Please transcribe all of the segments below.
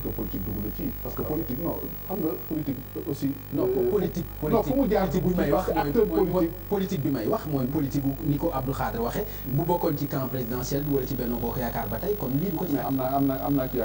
sûr que politique dugg na ci. parce que politique non xam nga politique aussi. non politique euh, politique non fu mu jaar ci bu may wax acteur politique politique bi may wax mooy politique bu ni ko Abdou Khadre waxee. bu bokkoon ci camp présidentiel bi wala ci Benno Bokk Yaakaar ba tey kon lii du ko ci. am naa am naa am naa ci ci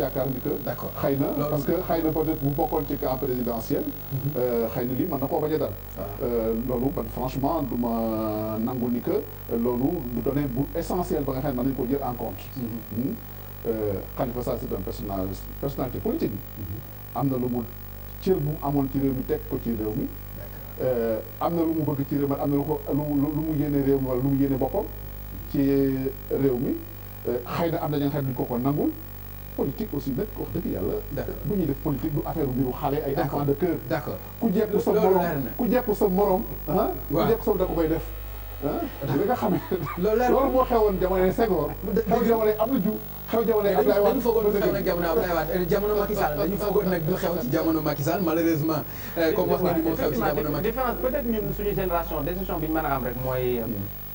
yaakaar ni que. d' accord xëy na parce que xëy na peut bu bokkoon ci camp présidentiel. Mhm. Euh, xëy na koo bañ a dal. Ah. Euh, loolu man franchement du nangu ni que loolu du donné bu essentiel ba nga xam ne mën ko jël en compte. Mhm. Hmm? Khalifa Sall c'est un personnage personnalité politique bi mhm. am na lu mu cër bu mu amoon ci réew mi teg ko ci réew mi euh, am na lu mu bëgg ci réew mi am na lu ko lu mu yéene réew mi wala lu mu yéene boppam ci réew mi euh, xëy na am na ña nga xam ko ko nangul politique aussi nag wax dëgg yàlla bu ñuy def politique du affaire mbiru xale ay enfant de cœur ku jekku sa morom ah, ku jekku sa morom ku jekku sa da ko koy def ah li nga xam ne. loolu xew jamonoy Abdou Diouf xew jamonoy Abdoulaye Wade. dañu foogoon xew nag jamono Abdoulaye Wade jamono Macky Sall xew ci jamono Macky Sall malheureusement. comme wax nga ni moo xew ci jamono Macky différence peut-être suñu génération décision bi ñu mën a am rek mooy.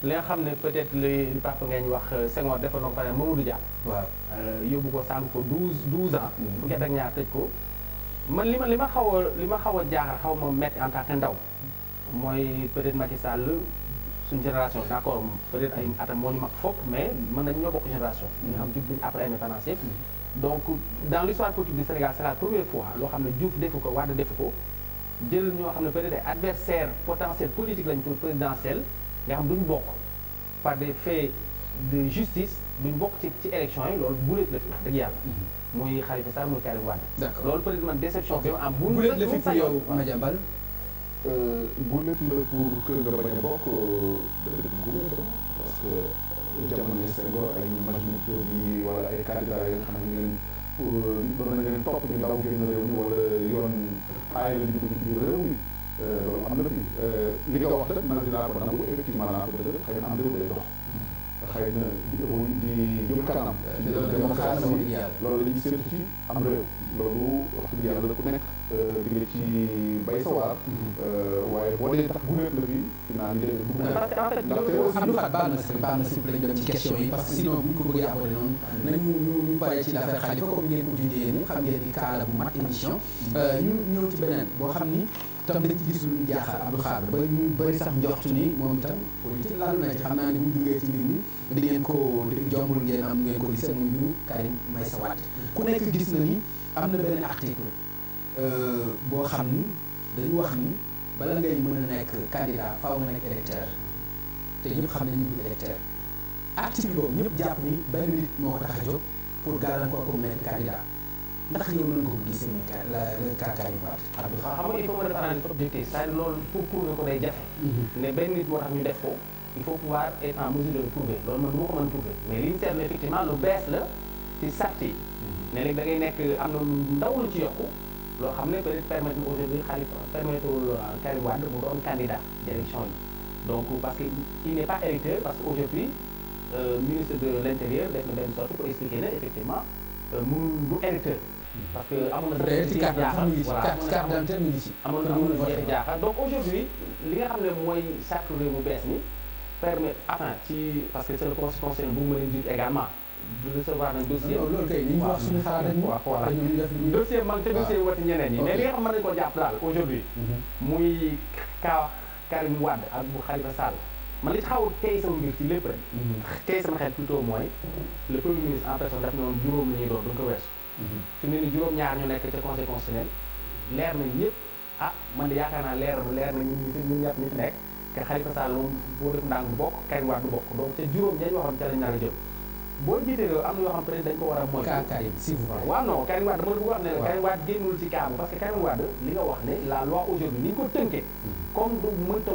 li nga xam ne peut-être li Papa ngeen wax Senghor defoon na ko pare Mamadou Dia. waaw yóbbu ko sànq ko douze douze ans. fukki at ak ñaar tëj ko. man li ma li ma xaw a li ma xaw a jaaxal xaw ma metti en tant ndaw mooy peut-être Macky suñu génération d' ay moo ñu mag fopp mais mën nañ ñoo bokk génération nga mm-hmm. xam jub nañ après indépendance yëpp donc dans l'histoire politique du Sénégal c' première fois loo xam ne Diouf defu ko Wade defu ko jël ñoo xam ne peut être ay adversaire potentiel politique lañ pour présidentielle nga xam duñ bokk par des faits de justice duñ bokk ci ci élection yi loolu guléet la fi wax dëgg yàlla mm-hmm. muy Khalifa Sall muy Karim Wade loolu peut man déception bi am bu guléet Euh, gulet la pour kër nga bañ a bokk euh, gulet la parce que jamono Senghor ay ñu Majhemout Diop yi wala ay candidat yi nga xam ne leen euh, doon na leen topp ñu daw génn réew mi wala yoon aay la dugg ci am na fi li nga wax nag man dinaa ko nangu effectivement naa ko dëgg xëy na am réew day dox xëy na di ëpp di jëm kanam. ci démocratie yi loolu la ñuy ci am réew. loolu wax dëgg yàlla ku nekk di ci bay sawaar. waaye boo dee tax gunéet la fii dinaa ñu dégg. parce que en fait ndaxte Abdou Khad baal na si baal na si lañ doon ci question yi parce que sinon bu ñu ko bëggee aborder noonu nañu ñu ñu paree ci l'affaire Khalifa comme ngeen ko dundee nii xam ngeen kaala bu mat émission. ñu ñëw ci beneen boo xam ni. tam dañ ci gis luñu jaaxal Abdou Khadre ba ñu bëri sax njoxtu ni moom itam politique laal na ci xam naa ne bu duggee ci mbir mi di ngeen ko jombul ngeen am ngeen ko gise muy mbiru Karim Meïssa Wade ku nekk gis na ni am na benn article euh, boo xam ni dañu wax ni bala ngay mën a nekk candidat faaw nga nekk électeur te ñëpp xam nañu du électeur article boobu ñëpp jàpp ni benn nit moo ko tax a jóg pour gàllankoor ko mu nekk candidat ndax yow mën nga ko gis seen la kàkkaariwaat. Abdou Fall xam nga il faut mën a prendre objectif ça loolu pour prouver ko day jafe. Mhm. ne benn nit moo tax ñu def ko il faut pouvoir être en mesure de le prouver loolu man du ma ko mën prouver mais li ñu seetlu effectivement lu bees la ci sart yi. Mhm. ne léegi da ngay nekk am na ndaw lu ci yokku loo xam ne peut être permettre na aujourd'hui Khalifa permettre wul euh, Karim Wade doon candidat d'élection yi donc parce que il n'est pas euh, effectivement. mënul du électeur. parce que amoon na. tey ci carte d'identité mi ngi ci amoon na mën a jaaxal donc aujourd'hui li nga xam ne mooy sàrtu mu bees ni permettre enfin ci parce que c'est le conseil bu mu mën a jiit également. du recevoir nañ dossier. waaw loolu kay li ñu wax suñu xalaat rek. waaw voilà dossier man te dossier wati ñeneen ñi. mais li nga xam mën nañu ko jàpp daal aujourd'hui mhm. muy Ka Karim Wade ak bu Khalifa Sall. man li xaw tey sama mbir ci lépp rek. Mhm. tey sama xel plutôt mooy le premier ministre en personne daf ne woon juróom la doon duñ ko weesu. Mhm. fi mu nii juróom-ñaar ñu nekk ca conseil constitutionnel leer nañ ñëpp ah man de yaakaar naa leer leer na ñun ñun ñëpp ñu fi nekk que Khalifa Sall moom boo def ndànk du bokk Karim Wade du bokk donc ca juróom ñañ waxoon ca lañ nar a jëm. boo jiitee loolu am na yoo xam peut dañ ko war a moytu. kaa Karim si vous parlez. waaw a wax ko tënkee. Mhm. comme du mënta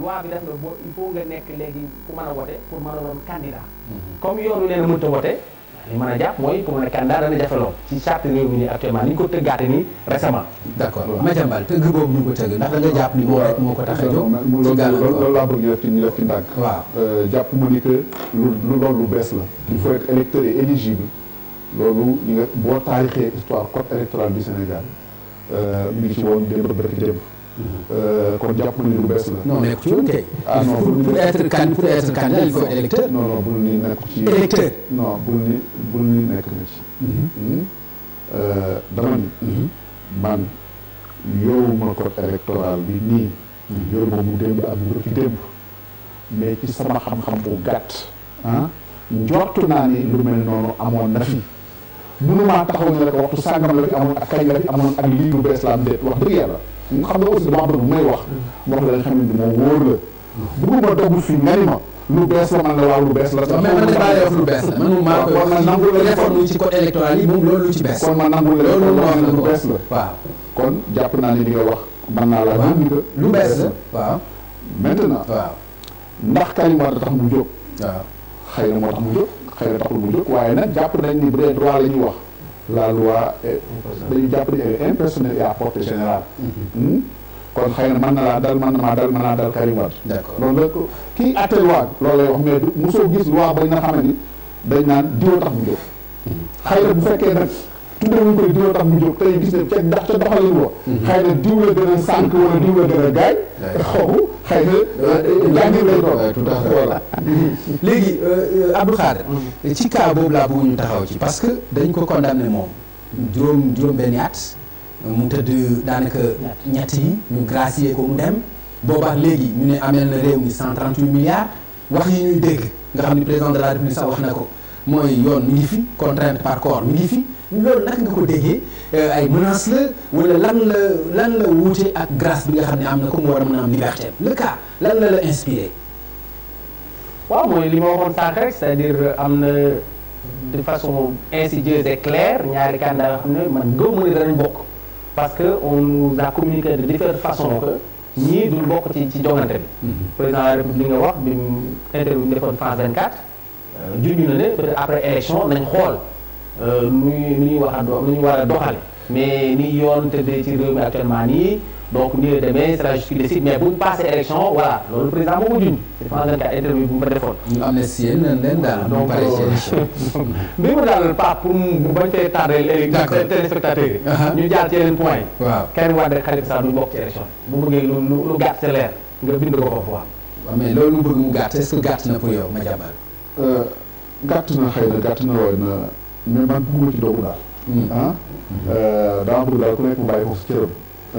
loi bi def na boo il faut nga nekk léegi ku mën a wote pour mën a doon candidat mhm. comme yoonu nee na mënta wote li man a jàpp mooy pour mën a candidat dana jafe lool ci charte réew mi nii actuellement ni ñu ko tëggaate nii récemment tëgg ko tëgg ndax da nga jàpp ni moo rek moo ko tax a jóg loolu laa bëgg ñu def ci ma ni que lu lu loolu lu bees la il faut être électeur et loolu ñu nga boo taarixee histoire code électoral du Sénégal euh, mu ngi ci woon démb bërki démb Euh, kon jàpp nañu lu bees la. non nekkul ci yoon kay. ah ni nekk na ci. Mm-hmm. Euh, dama ni. Mm-hmm. man yoruma code électoral bi nii. Mm-hmm. yoruma mu démb ak mu ci démb. ci sama xam-xam bu gàtt. ah naa ni lu mel noonu amoon na fi. mënumaa taxaw ne la ko waxtu sàngam la fi amoon ak kañ la fi amoon ak lii lu bees la am déet wax dëgg yàlla. nga xam ne aussi damaa bëgg bu may wax nga la nga xam ne moom wóor la bëgguma dogg fii nga lu bees la man lu bees la te lu bees la man maa koy man nangul la réforme ci code électoral yi moom loolu lu ci bees kon man jàpp naa ne li nga wax mën naa la lu bees la waaw maintenant waaw ndax Karim Wade tax mu jóg waaw xëy na moo tax mu jóg xëy na taxul mu jóg waaye nag jàpp nañ ni bu droit la ñuy wax la loi est dañu jàpp ne elle est impersonnelle à portée générale mhm. hmm? kon xëy na mën na laa dal mën na maa dal mën naa dal Karim Wade d'accord loolu la ko kii atte loi loolu lay wax mais mosoo gis loi bañ na xamante ni dañ naan diwa tax mu jóg mhm. xëy na bu fekkee nag tuddewuñ ko dina tax mu mm-hmm. na diw la gën a sànq wala diw la gën a gaañ xooku xëy na jàngir lay doon voilà léegi euh, Abdou Khadre mm-hmm. parce que dañ ko condamné moom juróom juróom benni at mu tëdd daanaka ñett yi ñu gracier ko mu dem boobaa léegi ñu ne amel na réew milliards wax yi ñuy dégg nga xam ni président de la république sax wax na ko mooy yoon mi ngi fi contrainte par corps ngi fi loolu naka nga ko déggee euh, ay menaces la wala lan la lan la wuute ak grâce bi nga xam ne am na ko mu war a mën am liberté le cas lan la la inspiré. waaw mooy li ma waxoon sànq rek c'est-à-dire euh, am na de façon insidieuse et claire ñaari candidat yoo xam ne man gëmuma ne danañ bokk parce que on nous a communiqué de façon façons que ñii duñ bokk ci ci jongante bi. Mhm. président de la république nga wax bi mu interview defoon France 24. Euh, junj na ne peut-être nañ xool. nuy euh, nu ñuy wax a ñu war a doxale mais ni yoon tëddee ci réew mi actuellement nii donc ni la demee c'est la mais bu ñu passé élection voilà loolu président moo ko junj je pense que interview bu mu defoon. ñu mu euh, daal pas pour mu bañ fee tardé léegi. d'accord téléspectateurs yi. ñu jaar ci yeneen point yi. waaw Karim Wade rek Khalifa Sall duñ bokk ci élection bu bëggee lu lu gàtt sa leer nga bind ko foofu waaw. mais loolu mu bëgg mu gàtt est-ce que gàtt na pour yow ma jàmbal. Euh, mais man bugguma ci doogu daal. Hmm. ah euh, daa bëgg daal ku nekk mu bàyyi ko sa cëram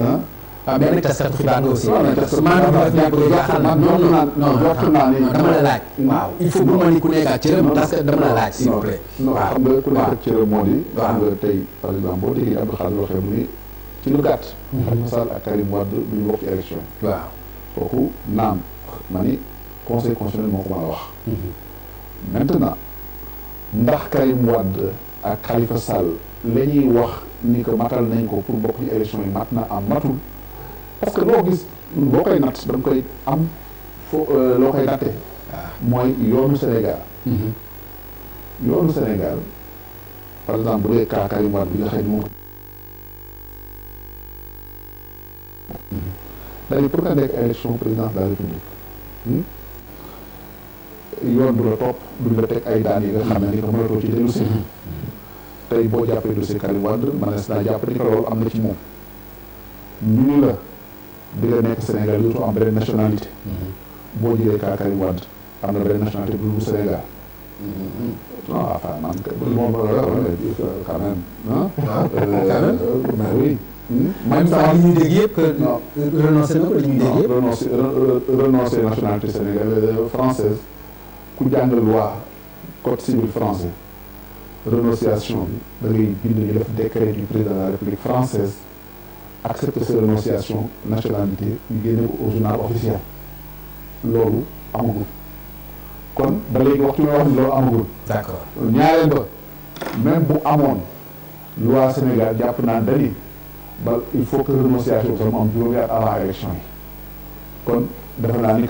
ah. waaw ah, mais nag taskatu xibaar nga a jaaxal man non non dama laaj. Hmm. waaw il faut bu ma ni ku nekk ak cëram parce nga xam nga tey par exemple boo déggee Abdou Khadre waxee mu ni ci lu gàtt. Hmm. Khalifa Sall ak Karim Wade duñu bokk ci waaw kooku naam ma ni conseil moo ko mën a wax. maintenant. ndax Karim Wade ak Khalifa Sall la ñuy wax ni que matal nañ ko pour bokk ci élection yi mat na am matul parce que loo gis boo koy natt da nga koy am fo euh, loo koy natte ah. mooy yoonu Sénégal mm-hmm. yoonu Sénégal par exemple bu dee cas Karim Wade bi nga xam ne moom mm-hmm. dañu pour nga nekk élection président de la République hmm? yoon bu la topp duñ la teg ay daan nga xam ne ni ko mënatoo ci dellu si tey boo jàppee dossier Karim Wade manees naa jàpp ni ko loolu am na ci moom ñu ni la di nga nekk Sénégal dootu am beneen nationalité mm-hmm. boo jëlee kaa Karim Wade am na beneen nationalité bu Sénégal mm-hmm. non man moom quand même yëpp que euh, renoncé na yëpp renoncé nationalité sénégalaise euh, ku jàng loi code civil français renonciation bi da bind ñu def décret du président de la république française accepter sa renonciation nationalité ñu génne ko au journal loolu amagul kon ba léegi waxtu may wax ni loolu amagul. d'accord ñaareel ba même bu amoon loi Sénégal jàpp naa dani ba il faut que renonciation bi sax mu am juróomi at avant yi kon defe naa ni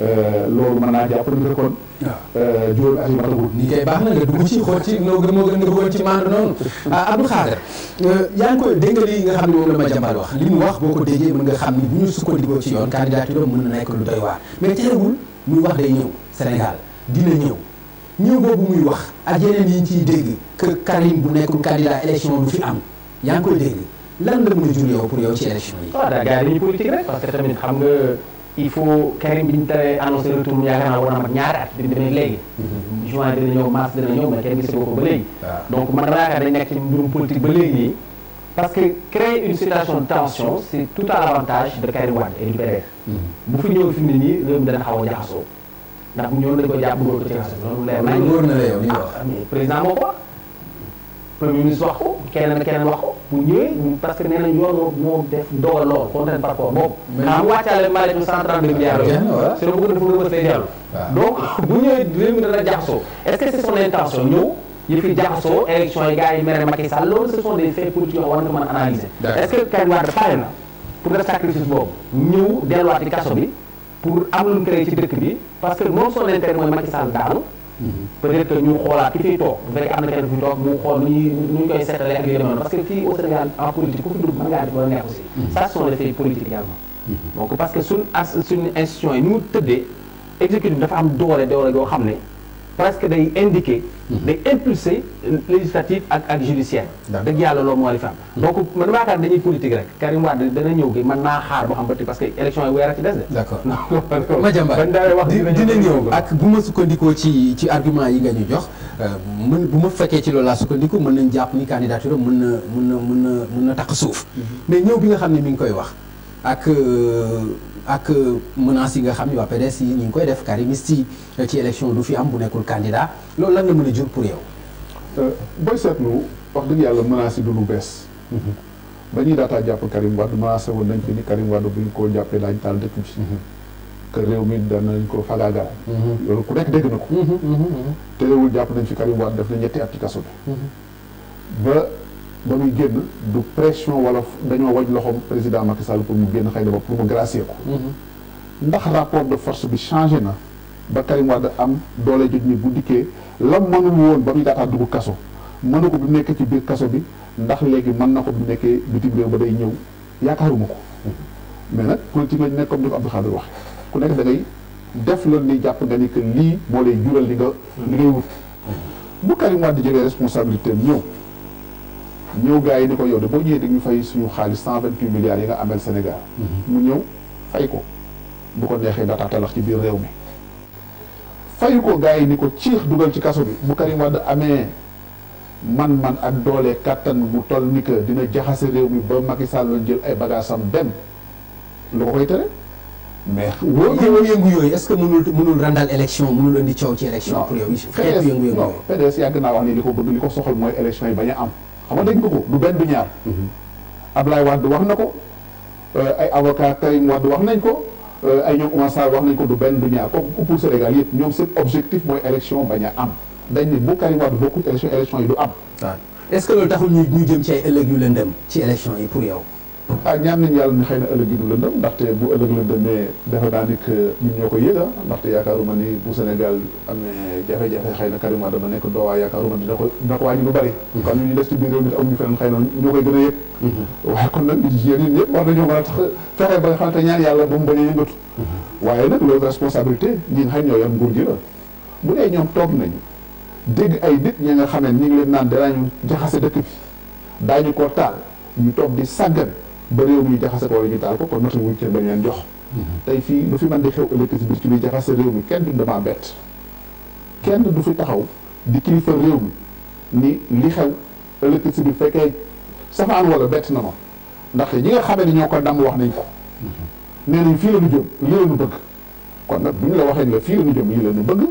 Euh, loolu mën naa jàpp ni que kon. waaw ah. euh, juróomi at yu kay baax na nga dugg ci xool ci noo gën moo gën nga xool ci maandu noonu. Ah, Abdou Khader. Euh, yaa ngi koy dégg nga xam ne moom la ma jàmbaal wax li mu wax boo ko déggee mën nga xam ni bu ñu sukkandikoo ci yoon candidature am mën na nekk lu doy waar mais terewul muy wax day ñëw Sénégal dina ñëw. ñëw boobu muy wax ak yeneen yi ciy dégg que Karim bu nekkul candidat élection du fi am yaa ngi koy dégg lan la mën a jur yow yi. waaw daal gars il faut Karim bi ñu tawee annoncé retour mu yaakaar naa war na mat ñaari at dina demee léegi mhm. juin dina ñëw mars dina ñëw mais kenn gisee ko ba léegi ah. donc man dama yaakaar dañ nekk ci mbirum politique ba léegi nii parce que créer une situation de tension c'est tout à l'avantage de Karim Wade et du PDS mhm. bu fi ñëw fi mu ne nii réew mi dana xaw a jaxasoo ndax ñoom dañ ko ko ci kaso loolu leer nañ ah, ko wax premier wax ko keneen ak wax ko bu ñëwee parce que nee nañ yoon moo moo def dogal lool contrainte par rapport boobu. xam wàccaale maa leen 132 milliards yooyu. c'est bëgg dafa wër say yàlla. donc bu est que c'est son intention ñëw. yëf yi jaxasoo élection yi gars yi mere Macky loolu ce sont des faits politiques yoo war nga mën a analyser. est que Karim Wade pare na pour def sacrifice boobu. ñëw delluwaat kaso bi pour am lu mu créé ci dëkk bi parce que moom son intérêt mooy Macky daanu. peut-être que ñu xoolaat ki fiy toog bu fekkee am na kenn fi toog mu xool nu ñuy nu ñu koy seetalee ak yu noonu parce que fii au Sénégal en ku fi dugg mën ngaa def wala nekk aussi mm-hmm. ça sont les faits politiques également mm-hmm. donc parce que suñ as suñ institution yi ni mu tëddee exécutif dafa am doole doole yoo xam ne presque day indiquer hmm. day impulser législative ak ak judiciaire dëgg yàlla loolu moo li fi am hmm. donc man dama yaakaar dañuy politique rek Karim Wade dana ñëw gi mën naa xaar boo xam ba parce que élection yi weer a ci des de d'accord Madiambal dina ñëw ak bu ma sukkandikoo ci ci argument yi nga ñu jox euh, mën bu ma fekkee ci loolu laa sukkandiku mën nañ jàpp ni candidature mën na mën na mën na mën na takk suuf hmm. mais ñëw bi nga xam ne mi ngi koy wax ak euh, ak menaces yi nga xam ne waa PDS yi ñu ngi koy def karimiste yi euh, ci élection du fi am bu nekkul candidat loolu lan la mën a jur pour yow. Euh, booy seetlu wax dëgg yàlla menaces yi du lu bees. Mm-hmm. ba ñuy daataa jàpp Karim Wade menacé woon nañ fi ni Karim Wade bu ñu ko jàppee daañu taal dëkk bi. Mm-hmm. que réew mi danañ ko fagaagaal. Mm-hmm. loolu ku nekk dégg na ko. te réewul jàpp nañ fi Karim Wade def na ñetti at kaso bi. ba muy génn du pression wala dañoo waj loxoom président Macky Sall pour mu génn xëy na ba pour mu gracier ko. Mm-hmm. ndax rapport de force bi changé na ba Karim Wade am doole jot ni bu dikkee la mënul woon ba muy daataa dugg kaso mënu ko bu nekk ci biir kaso bi ndax léegi mën na ko bu nekkee bitim réew ba day ñëw yaakaaruma ko mm-hmm. mais nag politique lañu nekk comme ni ko Abdou Khadir wax ku nekk da def loolu ni jàpp nga ni que lii moo lay jural li nga mm-hmm. li ngay wut di jëlee responsabilité am ñëw ñëw gars yi ni ko yow de boo ñëwee dañu fay suñu xaalis cent vingt huit milliards yi nga amel Sénégal mhm. mu ñëw fay ko bu ko neexee nga tax ci biir réew mi fayu ko gaa yi ni ko ciix dugal ci kaso bi bu Karim Wade amee man-man ak doolee kàttan bu toll ni que dina jaxase réew mi ba Macky Sall jël ay bagages am dem lu ko koy tere mais yëngu-yëngu yooyu est-ce que mënul mënul randal élection mënul indi coow ci élection pour yëngu-yëngu li ko li ko soxal mooy élection yi bañ am xam nga dégg ko du benn du ñaar. Mhm. Ablaye Wade wax na ko euh, ay avocat Karim Wade wax nañ ko euh, ay ñoom Oumar Sarr wax nañ ko du benn du ñaar kooku pour Sénégal yëpp ñoom seen objectif mooy élection bañ a am dañ ne bu Karim Wade bokkul élection élection yi du am. waaw est-ce que loolu taxul ñu ñu jëm ci ay ëllëg yu lëndëm ci élection yi pour yow. ah ñaan nañu yàlla xëy na ëllëg gi du lëndëm ndaxte bu ëllëg lëndëmee ko yëg ah ndaxte yaakaaruma ni bu Sénégal amee jafe-jafe xëy na Karim Wade nekk Doha yaakaaruma dina ko dina ko wàññi mm-hmm. ñu des ci biir réew mi na koy gën a yëg. Mm-hmm. waaye kon ñëpp war nañoo mën a fexe ba nga ñaan yàlla ba mu bañ a yëngatu. Mm-hmm. waaye nag loolu responsabilité ñi nga xam ñoo yor nguur gi la bu dee ñoom toog nañu dégg ay nit ñi nga xam ne ñi ngi leen naan danañu jaxase dëkk bi daañu ko taal ñu toog di sàggan ba réew mi jaxase ko wala ñu taal ko kon nota wuñ cër bañ leen jox mhm. tey fii lu fi man di xew ëllëg si biir ci luy jaxase réew mi kenn du dama bett kenn du fi taxaw di kilifa réew mi ni li xew ëllëg si biir fekkee safaan wala bett na ma ndax ñi nga xamee ni ñoo ko damm wax nañ ko mhm. nee nañ fii la ñu jëm lii la bëgg kon nag bu ñu la waxee ni fii la ñu jëm lii la ñu bëgg